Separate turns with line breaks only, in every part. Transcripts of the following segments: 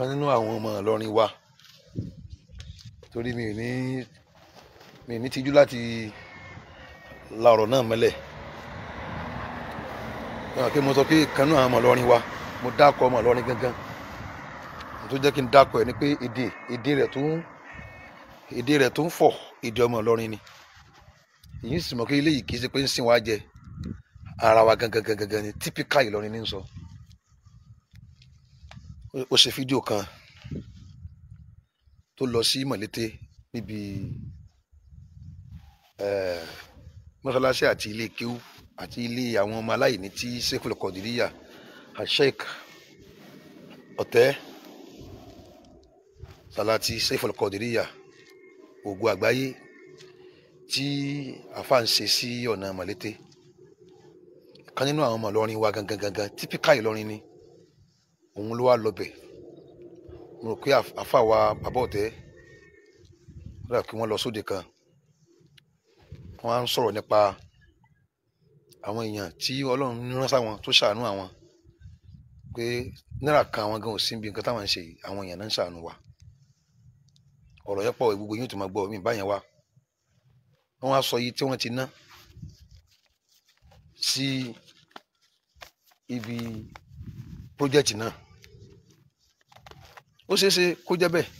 kan nínú àwọn ọmọ Ìlọrin wa torí mi ò ní mi ò ní tijú láti la ọ̀rọ̀ náà mọ́lẹ̀ kí mo sọ pé kan nínú àwọn ọmọ Ìlọrin wa mo dákọ̀ ọmọ Ìlọrin gangan tó jẹ́ kí n dákọ̀ ẹ̀ ni pé èdè èdè rẹ̀ tó ń èdè rẹ̀ tó ń fọ̀ èdè ọmọ Ìlọrin ni èyí sì mọ̀ pé eléyìí kì í ṣe pé ń sìn wá jẹ ara wa gangan gangan ni típíkà Ìlọrin ní sọ. So ó ṣe fídíò kan tó lọ sí mọ̀lété níbi eh, mọ́sálásí àti ilé kéwú àti ilé àwọn ọmọ aláìní tí sẹ́kùlù kọ̀dìríyà Sheikh ọ̀tẹ́ Salati sẹ́kùlù kọ̀dìríyà ògùn àgbáyé tí àfa ń ṣe sí ọ̀nà mọ̀lété kan nínú àwọn ọmọ Ìlọrin wa gangan gangan típíkà Ìlọrin ni òun ló wá lọbẹ̀ mo rò pé àfàwà bàbá ọ̀tẹ́ rà kí wọ́n lọ sóde kan wọ́n á ń sọ̀rọ̀ nípa àwọn èèyàn tí ọlọ́run rán sáwọn tó ṣàánú àwọn pé náírà kan àwọn gan ò sí ibi nǹkan táwọn ń ṣe àwọn èèyàn náà ń ṣàánú wa ọ̀rọ̀ yẹn pọ̀ gbogbo yín tó máa gbọ́ mi báyẹn wá wọ́n á sọ yìí tí wọ́n ti ná sí ibi project náà ó ṣeé ṣe kó jẹ́ bẹ́ẹ̀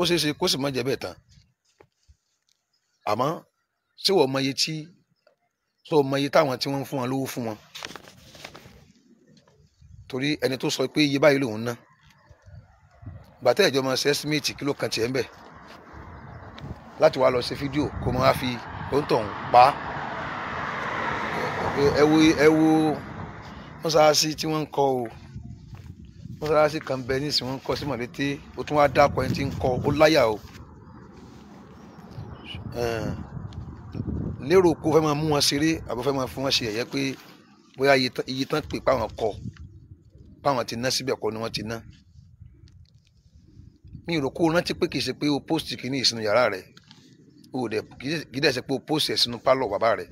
ó ṣeé ṣe kó sì má jẹ́ bẹ́ẹ̀ tán àmọ́ ṣé wọ́n mọ iye tí ṣé wọ́n mọ iye táwọn tí wọ́n ń fún wọn lówó fún wọn torí ẹni tó sọ pé iye báyìí lòun ná gbàtẹ́ ìjọba ṣe estimate kìló kan tiẹ̀ ń bẹ̀ láti wá lọ ṣe fídíò kó máa fi òǹtọ̀ ń pa ẹ wo ẹ wo mọ́sálásí tí wọ́n ń kọ́ o mọ́sálásí kan bẹ nísìnyí wọ́n ń kọ́ sí mọ̀lété o tún wá dákọ̀ ẹni tí ń kọ́ ó láyà o lérò kó fẹ́ máa mú wọn ṣeré àbí fẹ́ máa fún wọn ṣe ẹ̀yẹ pé bóyá iye tán pè páwọn kọ páwọn ti ná síbẹ̀ kọ́ ni wọ́n ti ná mi rò kó o rántí pé kì í ṣe pé o post kìíní ìsinú yàrá rẹ o dẹ̀ kì í dẹ̀ ṣe pé o post ẹ̀ sínú pálọ̀ bàbá rẹ̀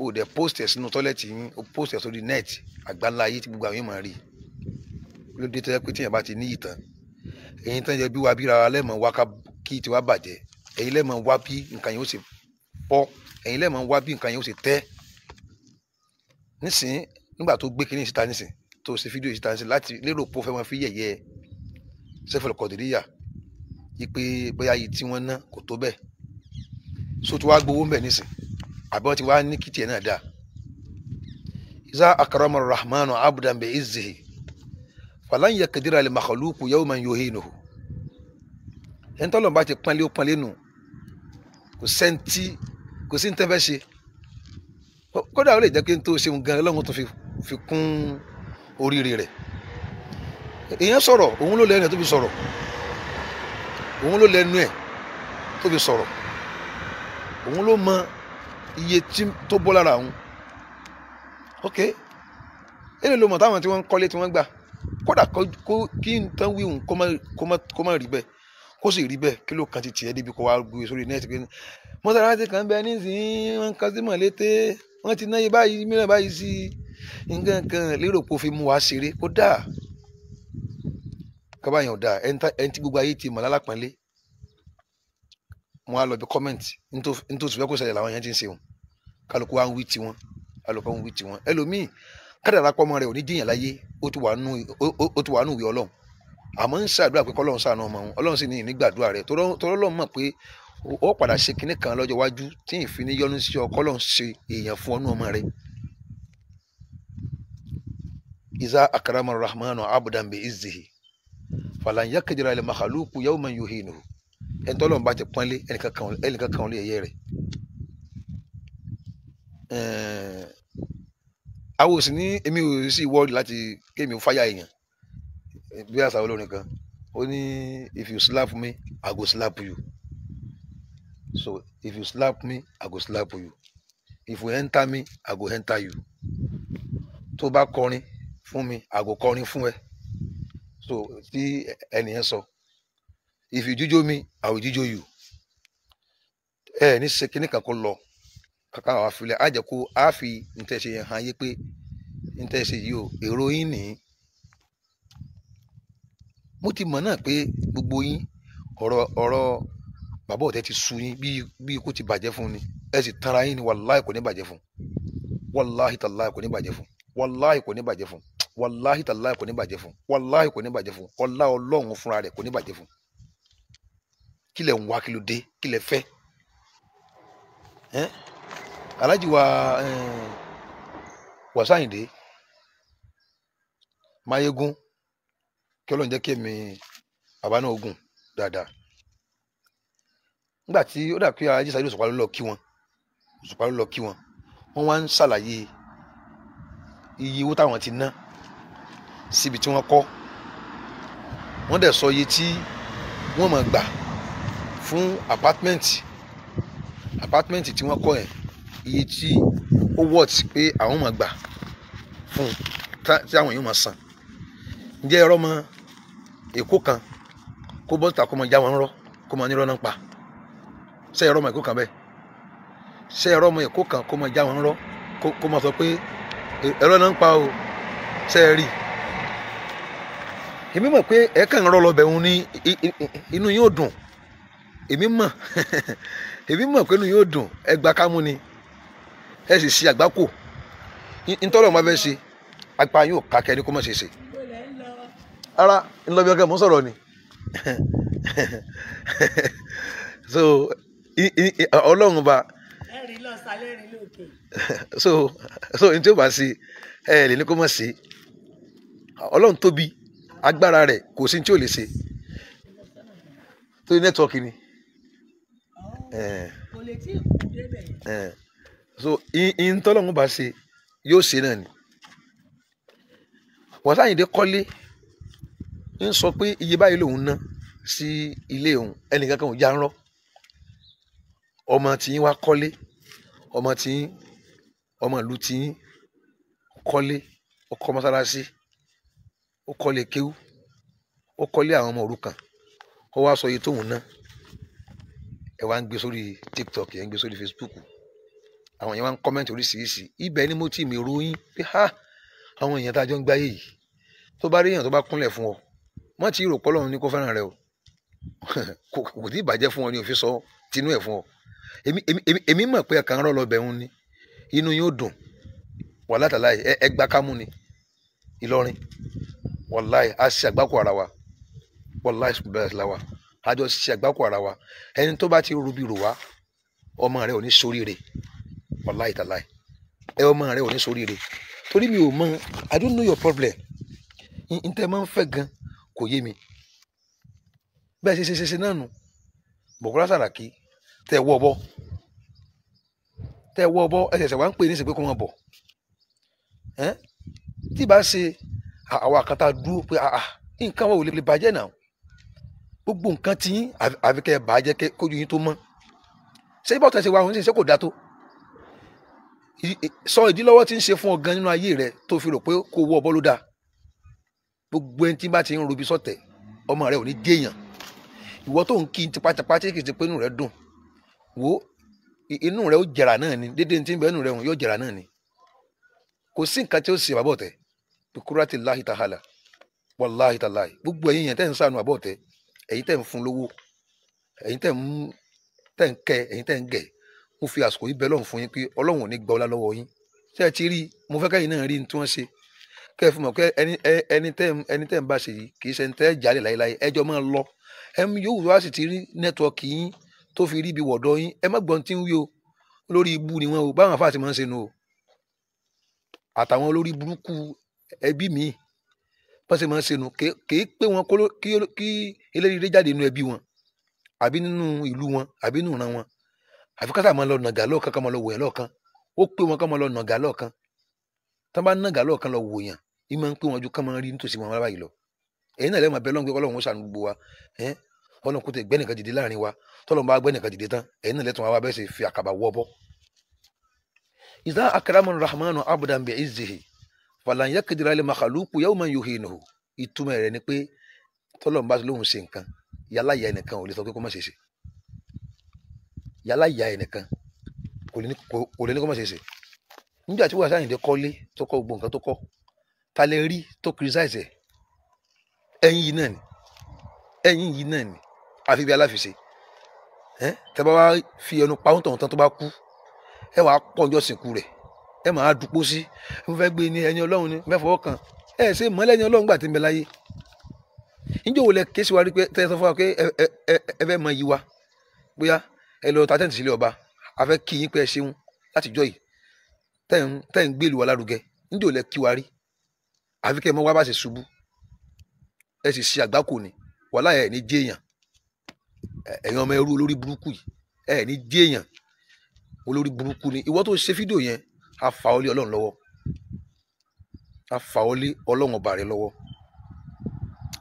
o dẹ̀ post ẹ̀ sínú tọ́lẹ̀tì o post ẹ̀ net àgbáńlá ayé tí gbogbo àwọn yóò máa rí ló dé tẹ́lẹ̀ pé tíyẹn bá ti ní ìtàn ẹ̀yin tán jẹ́ bí wa bíra lẹ́mọ̀ wá ká kí tiwa bàjẹ́ ẹ̀yin lẹ́mọ̀ wá bí nǹkan yẹn ó sì pọ̀ ẹ̀yin lẹ́mọ̀ wá bí nǹkan yẹn ó sì tẹ́ nísìn nígbà tó gbé kinní síta nísìn tó ṣe fídíò síta nísìn láti lérò pé ó fẹ́ fi yẹ̀yẹ́ sẹ́fẹ̀lì kọ̀dìríyà yí pé bóyá yìí tí wọ́n ná kò tó bẹ́ẹ̀ so tí wàá gbowó ń bẹ̀ àbẹ̀wò ti wá ní kìtìyẹ náà dá iza akarama rahmanu abdan bi izzihi falan yakadira li makhluku yawman yuhinuhu ẹni tọ́lọ̀ bá ti pọ́nlé ó pọ́nlé nù kò sẹ́ńtì kò sí ní tẹ́ fẹ́ ṣe kódà ó lè jẹ́ pé n tó ṣeun gan ọlọ́run tó fi kún oríire rẹ̀ èèyàn sọ̀rọ̀ òun ló lẹ́nu ẹ̀ tó fi sọ̀rọ̀ òun ló lẹ́nu ẹ̀ tó fi sọ̀rọ̀ òun ló mọ iye tí tó bọ́ lára òun ok èlò ló mọ̀ táwọn tí wọ́n ń kọ́lé tí wọ́n gbà kódà kí n tán wíwùn kó má rí bẹ́ẹ̀ kó sì rí bẹ́ẹ̀ kí ló kan ti tiẹ̀ débi kó wá gbé sórí nẹ́ẹ̀tì pé mọ́sálásí kan bẹ nísìnyí wọ́n kan sí mọ̀lété wọ́n ti náyé báyìí mìíràn báyìí sí nǹkan kan lérò pé ó fi mú wa ṣeré kó dáa kábàáyàn dáa ẹni tí gbogbo ayé ti mọ̀ lálápọ̀nlé mo wá lọ bí comment nítorí fẹ́ kó ṣẹlẹ̀ làwọn yẹn ti ń ṣe wọn kálukú wa ń wí tiwọn kálukú wa ń wí tiwọn ẹlòmíì kádàrá pọ́mọ rẹ̀ ò ní jìyàn láyé ó ti wà nù ìwé ọlọ́run àmọ́ ń ṣàdúrà pé kọ́lọ́run ṣàánú ọmọ wọn ọlọ́run sì ní ìnígbàdúrà rẹ̀ tọ́lọ́run mọ̀ pé ó padà ṣe kinní kan lọ́jọ́ iwájú tí ìfin ní yọ́nú sí ọ kọ́lọ́run ṣe èèyàn fún ọnú ọmọ rẹ̀. iza akarama rahmanu abudan izihi falan yakadira le mahaluku man yuhinuhu ẹni tó lọ́nà bá ti pọ́nlé ẹnìkan kan lé ẹyẹ rẹ̀ àwọn òsì ní èmi ò sí wọ́ọ̀dì láti kémi ò fáyà èèyàn bí àṣà olórin kan ó ní if you slap me i go slap you so if you slap me i go slap you if you enter me i go enter you tó bá kọrin fún mi i go kọrin fún ẹ so tí ẹnìyẹn sọ. So, if you jíjó me, i will jíjó you Eh, ni ṣe kíní kan kó lọ kankan àwọn afilẹ á jẹ kó á fi ntẹ̀sí yẹn hàn yé pé ntẹ̀sí yìí o èrò yín nìyí mo ti mọ̀ náà pé gbogbo yín ọ̀rọ̀ ọ̀rọ̀ bàbá ọ̀tẹ̀ ti sú yín bí bí ikú ti bàjẹ́ fún ni ẹ sì tara yín ni wàláì kò ní bàjẹ́ fún wàláì tàláì kò ní bàjẹ́ fún wàláì kò ní bàjẹ́ fún wàláì tàláì kò ní bàjẹ́ fún wàláì kò ní bàjẹ́ fún ọlá ọlọ́run fúnra rẹ̀ kò ní bàjẹ́ fún kí lẹ̀ ń wá kí ló dé kí lẹ̀ fẹ́ alájì wa wàsáyìndé máyégún kí ọlọ́run jẹ́ kí èmi bàbá náà gùn dáadáa nígbà tí ó dà pé alájì sáré òṣùpá ló lọ kí wọn òṣùpá ló lọ kí wọn wọn wá ń ṣàlàyé iye owó táwọn ti ná síbi tí wọ́n kọ́ wọ́n dẹ̀ sọ iye tí wọ́n máa gbà fún apatimenti, apatimenti tí wọ́n kọ́ yẹn iye tí ó wọ́t pé àwọn máa gbà fún tí àwọn yóò máa san ǹjẹ́ ẹ̀rọ mọ èkó kan kó bọ́ta kó mọ já wọn rọ kó mọ nírọ́ náà pa ṣé ẹ̀rọ mọ èkó kan bẹ́ẹ̀ ṣé ẹ̀rọ mọ èkó kan kó mọ já wọn rọ kó mọ sọ pé ẹ̀rọ náà ń pa o ṣé ẹ rí èmi mọ̀ pé ẹ̀ẹ́kàn rọ lọ bẹ̀ òun ní inú yóò dùn èmi mọ̀ èmi mọ̀ pé inú yóò dùn ẹ gba kámú ni ẹ sì ṣe àgbákò ntọ́lọ̀ máa fẹ́ ṣe apá yóò ká kẹ́ni kó má ṣe ṣe ara ńlọbi ọkẹ mọ sọ̀rọ̀ ni so ọlọ́run ba so so n tí ó bá ṣe ẹ lè ní kó má ṣe ọlọ́run tóbi agbára rẹ̀ kò sí n tí ò lè ṣe torí nẹ́tíwọ́ọ̀kì ni. Eh. kò eh. so in tọ́lọ́run bá ṣe yóò ṣe náà ni wọ́sáyìndé kọ́lé ń sọ pé iye báyìí lòun ná sí ilé òun ẹnìkan kan ò já ń rọ́ ọmọ tìyín wá kọ́lé ọmọ tìyín ọmọ ìlú tìyín kọ́lé ó mọ́sálásí ó kọ́lé kéwú ó kọ́lé àwọn ọmọ òrukàn kó wá sọ iye tóun ná ẹ wá ń gbé sórí tiktok ẹ ń gbé sórí facebook àwọn èèyàn wá ń kọ́mẹ́ǹtì oríṣiríṣi ibẹ̀ ni mo ti mi ròyìn pé ha àwọn èèyàn tá a jọ ń gbáyé yìí tó bá rí èèyàn tó bá kúnlẹ̀ fún ọ wọ́n ti rò pé Ọlọ́run ní kó fẹ́ràn rẹ o kò tí ì bàjẹ́ fún ọ ni òfin sọ tinú ẹ̀ fún ọ èmi èmi èmi mọ̀ pé ẹ̀ka ń rọ̀ lọ́bẹ̀ ń ní inú yóò dùn wàláàtàláì ẹ gbá kámú ni Ìlọrin wàláì a àgbákò ara wa wàláì bẹ́ẹ̀ la wa àjọ ṣiṣẹ́ àgbákò ara wa ẹni tó bá ti rubi rò wá ọmọ rẹ ò ní ṣoríire wàláì tàláì ẹ ọmọ rẹ ò ní ṣoríire torí mi ò mọ i don't know your problem n tẹ́ máa ń fẹ́ gan kò yé mi bẹ́ẹ̀ ṣe ṣe ṣe ṣe náà nù Bùkọ́lá Sàràkí tẹ́ wọ́ bọ́ tẹ́ wọ́ bọ́ ẹsẹ̀ ṣẹ̀ wá ń pè ní ìsìnkú kó wọn bọ̀ tí ì bá ṣe àwọn àkàtà dúró pé nǹkan wọn ò lè bàjẹ́ náà gbogbo nǹkan tí yín àfi kẹ́ ẹ bàá jẹ́ kójú yín tó mọ́ ṣé bọ́tọ̀ ṣe wà fún ṣe kò dá tó sọ ìdílọ́wọ́ tí ń ṣe fún ọ gan nínú ayé rẹ tó fi rò pé kó wọ ọbọ ló dáa gbogbo ẹni tí bá ti ń robi sọ̀tẹ̀ ọmọ rẹ ò ní déèyàn ìwọ tó ń kí tipátipá tí kìí ti pé inú rẹ dùn wo inú rẹ ó jẹrà náà ni dédé ní ti ń bẹ inú rẹ yóò jẹrà náà ni kò sí nǹkan tí ó ṣe àbọ̀tẹ̀ bikurati lahi tahala wàláhi talahi gbogbo ẹ̀yin yẹn tẹ́ ń sànù àbọ̀tẹ̀ ẹ̀yin tẹ̀ ń fún lówó ẹ̀yin tẹ̀ ń tẹ̀ ń kẹ ẹ̀yin tẹ̀ ń gẹ̀ mo fi àsìkò yìí bẹ lọ́run fún yín pé ọlọ́run ò ní gba ọlá lọ́wọ́ yín ṣé ẹ ti rí mo fẹ́ kẹ́yìn náà rí ní tí wọ́n ṣe kẹ́ ẹ fún mọ̀ pé ẹni ẹni tẹ́ ń bá ṣe yìí kì í ṣe ń tẹ́ jálè láéláé ẹjọ́ máa lọ ẹm yòówù wá sì ti rí nẹ́tíwọ́ọ̀kì yín tó fi rí ibi wọ̀dọ̀ yín ẹ má gbọ́n tí ń wí o lórí ibu ni wọn o báwọn afáàtì máa ń ṣe nu o àtàwọn olórí burúkú ẹbí mi bọ́sẹ̀ máa ń ṣe nu kèé pé wọn kí eléríire jáde nínú ẹbí wọn àbí nínú ìlú wọn àbí nínú ìran wọn àfi kásà máa lọ nàgà lọ́ọ̀kan ká máa lọ wẹ̀ lọ́ọ̀kan ó pé wọn ká máa lọ nàgà lọ́ọ̀kan tá bá nàgà lọ́ọ̀kan lọ wòyàn ní máa ń pé wọn ju ká máa rí nítòsí wọn báyìí lọ ẹ̀yin náà lẹ́yìn máa bẹ lọ́n pé ọlọ́run ó ṣàánú gbogbo wa ọlọ́run kò tẹ gbẹ́nìkan dìde láàrin wa tọ́lọ́run bá gbẹ́nìkan rahmanu abdan bi izzihi fàlàyé kejìlá lè màkàlùkù yàwó máa yòhìn nù ìtumọ̀ rẹ̀ ni pé tọ́lọ̀ ń bá lóhùn ṣe nǹkan yálà ìyá ẹnìkan ò lè sọ pé kó má ṣe ṣe yálà ìyá ẹnìkan kò lè ní kó má ṣe ṣe nígbà tí wàásù àyìndé kọ́lé tó kọ́ gbogbo nǹkan tó kọ́ ta lè rí tó criticize ẹ̀yìn yìí náà ni ẹ̀yìn yìí náà ni àfi bí aláfiṣe ẹ̀ tẹ́ bá wá fi ẹnu pa ohun tọ̀hún tán tó bá kú ẹ wàá pọ̀ ọjọ́ sìnkú rẹ̀ ẹ máa dupò sí mo fẹ́ gbé ní ẹni ọlọ́run ni mo fẹ́ fọwọ́ kàn ẹ ṣe mọ́lẹ́ ẹni ọlọ́run gbà tí ń bẹ láyé níjọ́ wo lẹ ké sí wa rí pé tẹ́ ẹ sọ fún wa pé ẹ fẹ́ mọ yí wa bóyá ẹ lọ ta tẹ́ǹtì sílé ọba a fẹ́ kí yín pé ẹ ṣeun láti jọ yìí tẹ́ ń gbèlú wa lárugẹ níjọ́ wo lẹ kí wa rí àfi kẹ́ ẹ mọ wá bá ṣe ṣubú ẹ sì ṣe àgbákò ni wàhálà ẹ̀ ní jéèyàn ẹ̀yin ọmọ ẹrú olórí burúkú yìí ẹ̀ ní jéèyàn olórí burúkú ni ìwọ tó ṣe fídíò yẹn á fa ọlé ọlọ́run lọ́wọ́ á fa ọlé ọlọ́run ọba rẹ lọ́wọ́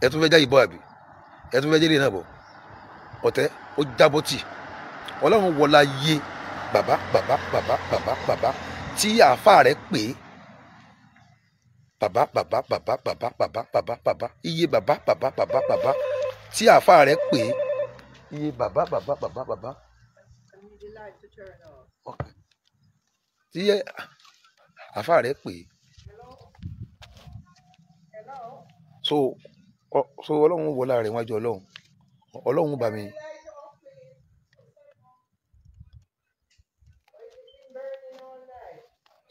ẹ tún fẹ́ já ìbọn àbí ẹ tún fẹ́ jẹ́lẹ̀ náà bọ̀ ọ̀tẹ́ ó jábọ́ tì ọlọ́run wọlá yé bàbá bàbá bàbá bàbá bàbá tí àáfàá rẹ pè é bàbá bàbá bàbá bàbá bàbá bàbá bàbá iye bàbá bàbá bàbá bàbá tí àáfàá rẹ pè é iye bàbá bàbá bàbá bàbá. Okay tí àfa rẹ pè é so so ọlọ́run wọlá rẹ̀ wájú ọlọ́run ọlọ́run bá mi.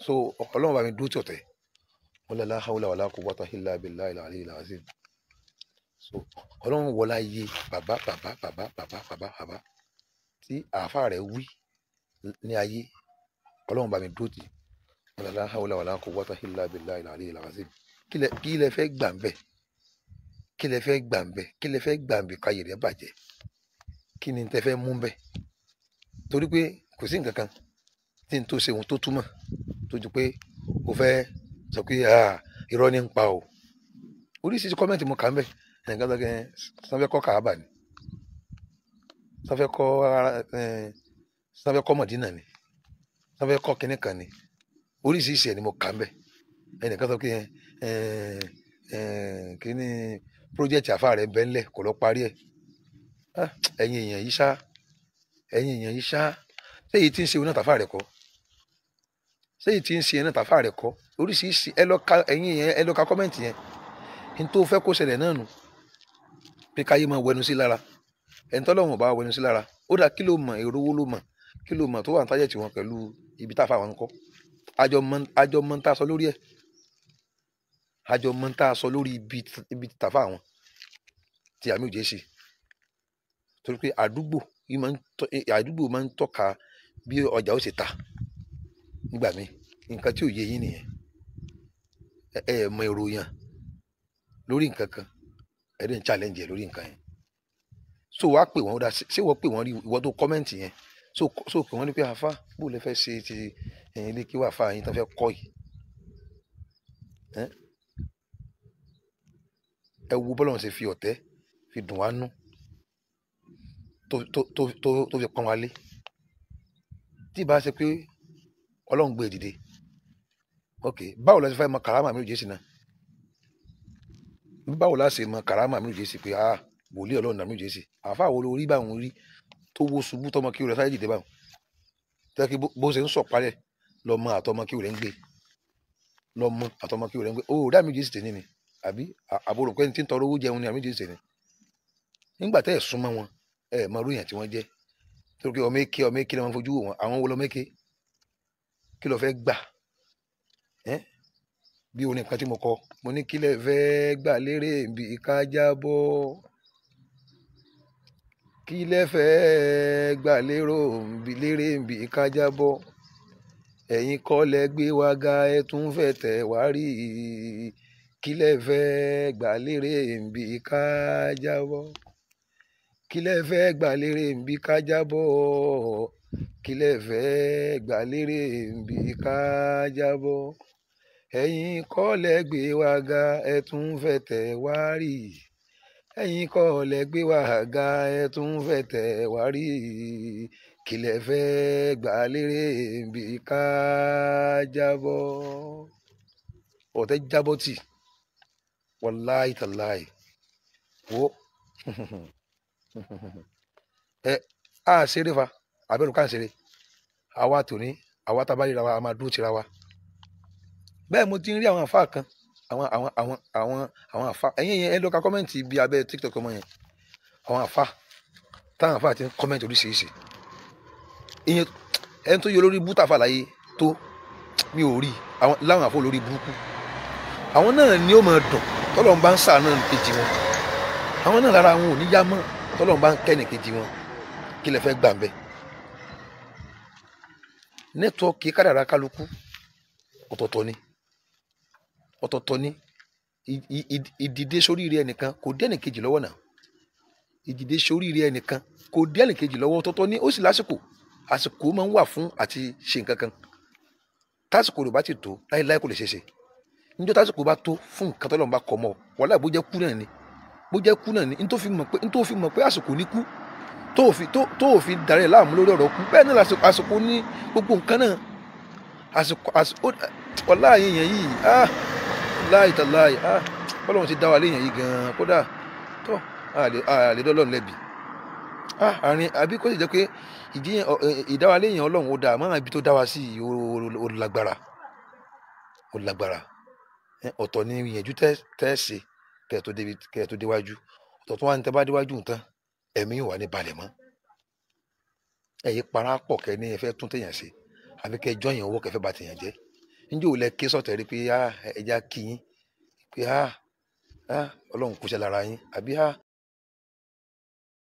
so ọlọ́run bá mi dúró tí ọ̀tẹ̀ wala la hawla wala quwwata illa billahi al-aliyyil azim so ọlọ́run wọlá yé bàbá bàbá bàbá bàbá bàbá bàbá tí àáfàá rẹ̀ wí ní ayé ọlọ́run bá mi dúró tì wàlá hawla wàlá quwwata illa billahi al-aliyyil azim kí lẹ fẹ́ gbà ń bẹ̀ kí lẹ fẹ́ gbà ń bẹ̀ kí lẹ fẹ́ gbà ń bẹ̀ káyè rẹ̀ bàjẹ́ kí ni tẹ fẹ́ mú bẹ̀ torí pé kò sí nǹkan kan tí n tó ṣe òun tó túmọ̀ tó ju pé o fẹ́ sọ pé irọ́ ní ń pa o oríṣiríṣi kọ́mẹ́ǹtì mo kà ń bẹ̀ nǹkan tó kẹ́ sanfẹ́ kọ́ kàábà ni sanfẹ́ kọ́ sanfẹ́ kọ́ mọ̀dínà ni tó fẹ́ kọ́ kínní kan ni oríṣiríṣi ẹ̀ ni mo kà ń bẹ̀ ẹnìkan sọ pé kínní pírójẹ́tì àfa rẹ̀ bẹ́ ńlẹ̀ kò lọ parí ẹ̀ ẹ̀yin èèyàn yìí ṣá ẹ̀yin èèyàn yìí ṣá ṣé èyí tí ń ṣe iná tàfà rẹ̀ kọ́ ṣé èyí tí ń ṣe iná tàfà rẹ̀ kọ́ oríṣiríṣi ẹ lọ ka ẹ̀yin èèyàn yẹn n tó fẹ́ kó ṣẹlẹ̀ náà nù pé káyé máa wẹnu sí lára ẹ̀ńtọ́ lọ́wọ́n bá wẹnu sí lára ó dà kí ló mọ̀ èrò wo ló mọ̀ kí ló mọ̀ tó wà ní tájẹ̀tì wọn pẹ̀lú ibi tá a fà wọn kọ́ àjọ mọ́ tá a sọ lórí ẹ̀ àjọ mọ́ tá a sọ lórí ibi tá a fà wọn tí àmì òjé ṣe torí pé àdúgbò àdúgbò máa ń tọ́ka bí ọjà ó ṣe ta nígbà míì nǹkan tí ò yé yín nìyẹn ẹ ẹ mọ ìròyìn lórí nǹkan kan ẹ dẹ̀ ń challenge ẹ lórí nǹkan yẹn so wàá pè wọ́n ó dá ṣé wọ́n pè wọ́n rí ìwọ tó kọ́mẹ́ǹtì yẹn so pé wọ́n ní pé àfa bó lè fẹ́ ṣe ti ẹ̀yìn ilé kí wà fa àyìn tán fẹ́ kọ́ yìí ẹ wo bọ́lọ́run ṣe fi ọ̀tẹ̀ fi dùn wá nú tó fi pọ́n wá lé tí ìbá ṣe pé ọlọ́run gbé e dìde ok báwo la ṣe fẹ́ mọ kàrámà mi ò jésì náà báwo la ṣe mọ kàrámà mi ò jésì pé ah wòlíì ọlọ́run náà mi ò jésì àfa wo lórí báwọn rí tó wo ṣubú tọmọ kí o rẹ sáré dìde báwọn tẹ́kí bó ṣe ń sọ̀parẹ́ lọ́mọ àtọmọ kí o rẹ ń gbé lọ́mọ àtọmọ kí o rẹ ń gbé o rí àmì jésù tèmi ni àbí àbúrò pé tí ń tọrọ owó jẹun ni àmì jésù tèmi nígbà tẹ́ ẹ̀ súnmọ́ wọn ẹ̀ mọ ròyìn tí wọ́n jẹ́ torí pé ọmọ èké ọmọ èké ni wọ́n fojú wò wọn àwọn wo lọmọ èké kí ló fẹ́ gbà ẹ́ bí orin kan tí mo kọ mo ní kí lẹ gbà lérè bí ká jábọ́ kí lẹ fẹ́ẹ́ gbà lérò lérè ń bí kájábọ́ ẹ̀yin kọ́ lẹ gbé wa ga ẹ tún fẹ́ tẹ̀ wá rí kí lẹ gbà lérè ń bí kájábọ́ kí lẹ fẹ́ẹ́ gbà lérè ń bí kájábọ́ kí lẹ fẹ́ẹ́ gbà lérè ń bí kájábọ́ ẹ̀yin kọ́ lẹ gbé wa ga ẹ tún wá rí. ẹ̀yin kọ́ lẹ gbé wá ga ẹ tún fẹ́ tẹ̀ wá rí kílẹ̀ fẹ́ gbà lérè bí ká jábọ́ ọ̀tẹ̀ tì wo ẹ á ṣeré fa àbẹ̀rù ká ṣeré àwa tòní àwa tábàlì ra wa a máa dúró wa bẹ́ẹ̀ mo ti ń rí àwọn àfáà kan àwọn àwọn àwọn àwọn àwọn àfa ẹ̀yìn yẹn ẹ lọ ka kọ́mẹ́ǹtì bí abẹ́ tiktok ọmọ yẹn àwọn àfa táwọn àfa ti ń kọ́mẹ́ǹtì oríṣiríṣi ìyẹn ẹni tó yọ lórí bú tàfà láyé tó mi ò rí àwọn láwọn àfọ lórí burúkú àwọn náà ni ó máa dùn tọ́lọ̀ ń bá ń sàánà kejì wọn àwọn náà lára wọn ò ní yá mọ́ tọ́lọ̀ bá ń kẹ́nì kejì wọn kí lè fẹ́ gbà bẹ́ẹ̀ nẹ́tọ́ọ̀kì kádàrá kálukú ọ̀tọ̀ọ̀tọ̀ ni ọ̀tọ̀ọ̀tọ̀ ni ìdìde sóríire ẹnìkan kò dé ẹnìkejì lọ́wọ́ náà ìdìde sóríire ẹnìkan kò dé ẹnìkejì lọ́wọ́ ọ̀tọ̀ọ̀tọ̀ ni ó sì lásìkò àsìkò máa ń wà fún àti ṣe nǹkan kan tásìkò rẹ̀ bá ti tó láéláé kò lè ṣeéṣe níjọ́ tásìkò bá tó fún nǹkan tọ́lọ́run bá kọ mọ́ wàhálà bó jẹ́ kú náà ni bó jẹ́ kú náà ni n tó fi mọ̀ pé n tó fi mọ̀ pé àsìkò ní kú tó ò fi tó tó ò fi dàrẹ láàmú lórí ọ̀rọ̀ kú bẹ́ẹ̀ náà àsìkò ní gbogbo nǹkan náà àsìkò àsìkò ọlá yẹn yìí ah wàláì tàláì ah bọ́lọ́run ti dá wa léèyàn yìí gan-an kódà tó àlè dọ́lọ́run lẹ́bi ah àárín àbí kó sì jẹ́ pé eh, eh, ìdáwa léèyàn ọlọ́run ó dáa máa ibi tó dá wa sí i ó lágbára ó lágbára eh, ọ̀tọ̀ ni ìyànjú tẹ́ ṣe kẹ́ tó déwájú ọ̀tọ̀ tó wà ní tẹ́ bá déwájú nǹkan ẹ̀mí wà ní balẹ̀ mọ́ ẹ̀yin para pọ̀ kẹ́ ní ẹ fẹ́ tún téèyàn ṣe àbí kẹ́ jọ́yàn owó kẹ́ fẹ́ bà téèyàn jẹ́ níjẹ́ òun lẹ ké sọ̀tẹ̀ rí pé ah, ẹja kì í pé ah, ah, ọlọ́run kò ṣe lára yín àbí